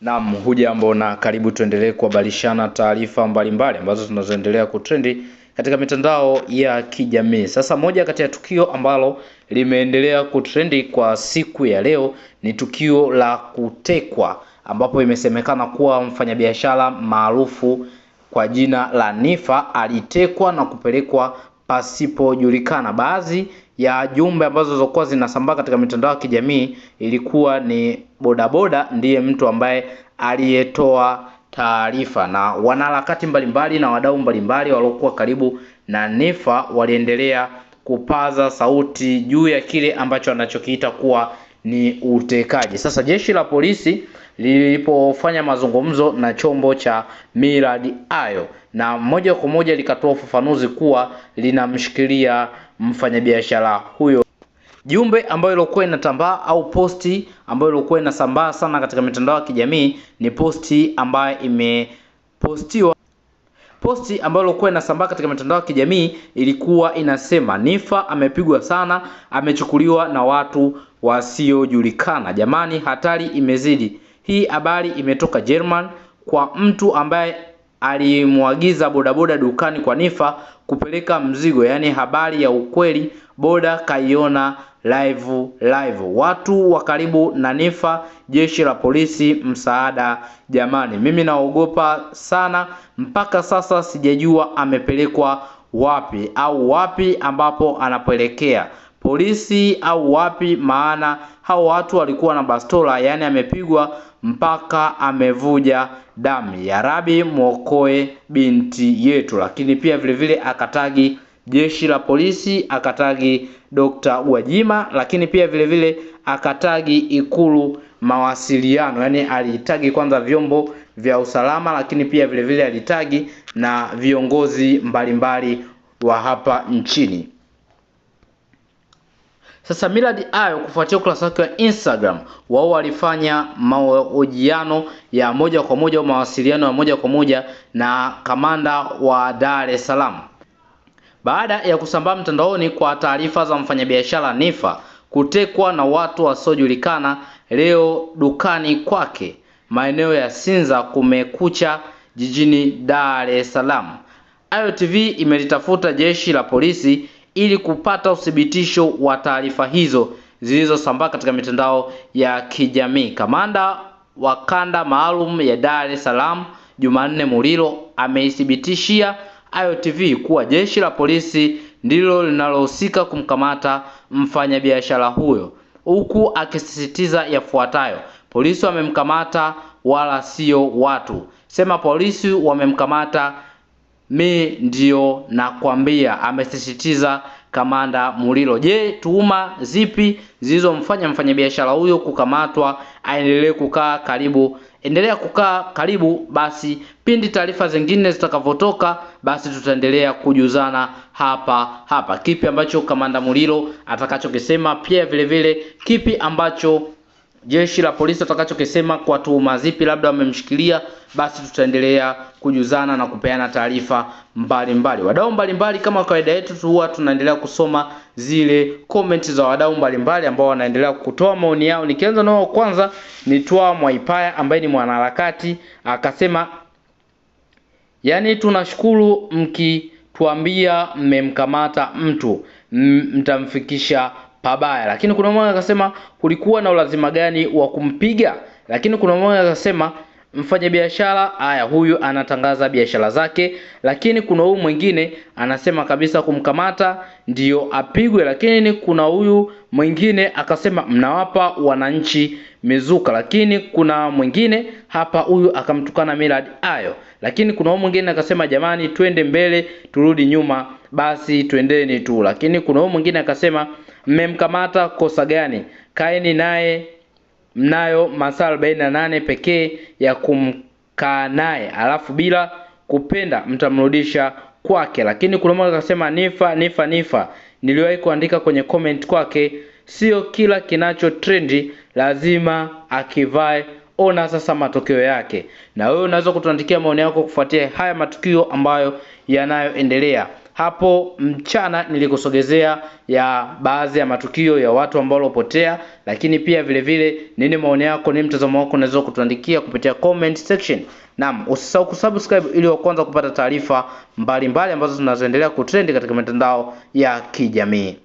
Naam, hujambo na karibu, tuendelee kuhabarishana taarifa mbalimbali ambazo zinazoendelea kutrendi katika mitandao ya kijamii. Sasa moja kati ya tukio ambalo limeendelea kutrendi kwa siku ya leo ni tukio la kutekwa, ambapo imesemekana kuwa mfanyabiashara maarufu kwa jina la Nifa alitekwa na kupelekwa pasipojulikana. Baadhi ya jumbe ambazo zilikuwa zinasambaa katika mitandao ya kijamii ilikuwa ni bodaboda ndiye mtu ambaye aliyetoa taarifa, na wanaharakati mbalimbali na wadau mbalimbali waliokuwa karibu na Nifa waliendelea kupaza sauti juu ya kile ambacho anachokiita kuwa ni utekaji. Sasa jeshi la polisi lilipofanya mazungumzo na chombo cha Millard Ayo na moja kwa moja likatoa ufafanuzi kuwa linamshikilia mfanyabiashara huyo. Jumbe ambayo ilikuwa inatambaa au posti ambayo ilikuwa inasambaa sana katika mitandao ya kijamii ni posti ambayo imepostiwa Posti ambayo ilikuwa inasambaa katika mitandao ya kijamii ilikuwa inasema Nifa amepigwa sana, amechukuliwa na watu wasiojulikana. Jamani, hatari imezidi. Hii habari imetoka Jerman kwa mtu ambaye alimwagiza bodaboda dukani kwa Nifa kupeleka mzigo. Yaani habari ya ukweli, boda kaiona live live. Watu wa karibu na Nifa, jeshi la polisi, msaada jamani. Mimi naogopa sana, mpaka sasa sijajua amepelekwa wapi au wapi ambapo anapoelekea polisi au wapi, maana hao watu walikuwa na bastola, yaani amepigwa mpaka amevuja damu. Ya Rabi, mwokoe binti yetu. Lakini pia vilevile akatagi jeshi la polisi, akatagi Dr. Gwajima, lakini pia vilevile vile akatagi Ikulu mawasiliano, yaani alitagi kwanza vyombo vya usalama, lakini pia vilevile alitagi na viongozi mbalimbali wa hapa nchini. Sasa Millard Ayo kufuatia ukurasa wake wa Instagram, wao walifanya mahojiano ya moja kwa moja au mawasiliano ya moja kwa moja na kamanda wa Dar es Salaam baada ya kusambaa mtandaoni kwa taarifa za mfanyabiashara Nifa kutekwa na watu wasiojulikana leo dukani kwake maeneo ya Sinza kumekucha jijini Dar es Salaam. Ayo TV imelitafuta jeshi la polisi ili kupata uthibitisho wa taarifa hizo zilizosambaa katika mitandao ya kijamii. Kamanda wa kanda maalum ya Dar es Salaam Jumanne Mulilo ameithibitishia iotv kuwa jeshi la polisi ndilo linalohusika kumkamata mfanyabiashara huyo, huku akisisitiza yafuatayo: polisi wamemkamata wala sio watu. Sema polisi wamemkamata mi ndio nakwambia, amesisitiza kamanda Mulilo. Je, tuhuma zipi zilizomfanya mfanyabiashara huyo kukamatwa aendelee kukaa karibu? Endelea kukaa karibu basi, pindi taarifa zingine zitakavyotoka, basi tutaendelea kujuzana hapa hapa, kipi ambacho kamanda Mulilo atakachokisema, pia vilevile kipi ambacho jeshi la polisi watakachokisema kwa tuhuma zipi labda wamemshikilia, basi tutaendelea kujuzana na kupeana taarifa mbalimbali. Wadau mbalimbali, kama kawaida yetu, huwa tunaendelea kusoma zile comment za wadau mbalimbali ambao wanaendelea kutoa maoni yao. Nikianza nao, kwanza ni Twa Mwaipaya ambaye ni mwanaharakati akasema, yaani tunashukuru mkituambia mmemkamata mtu mtamfikisha pabaya. Lakini kuna mmoja akasema kulikuwa na ulazima gani wa kumpiga? Lakini kuna mmoja akasema biashara haya, huyu anatangaza biashara zake, lakini kuna huyu mwingine anasema kabisa kumkamata ndiyo apigwe, lakini kuna huyu mwingine akasema mnawapa wananchi mizuka, lakini kuna mwingine hapa, huyu akamtukana Millard ayo, lakini kuna huyu mwingine akasema jamani, twende mbele turudi nyuma, basi twendeni tu, lakini kuna huyu mwingine akasema mmemkamata kosa gani? Kaeni naye mnayo masaa arobaini na nane pekee ya kumkaa naye, alafu bila kupenda mtamrudisha kwake. Lakini kuna mmoja akasema nifa nifa nifa, niliwahi kuandika kwenye comment kwake, sio kila kinacho trendi lazima akivae. Ona sasa matokeo yake, na wewe unaweza kutuandikia maoni yako kufuatia haya matukio ambayo yanayoendelea hapo mchana nilikusogezea ya baadhi ya matukio ya watu ambao walopotea, lakini pia vile vile nini maoni yako, nini mtazamo wako, unaweza kutuandikia kupitia comment section. Naam, usisahau kusubscribe ili wa kwanza kupata taarifa mbalimbali ambazo zinazoendelea kutrend katika mitandao ya kijamii.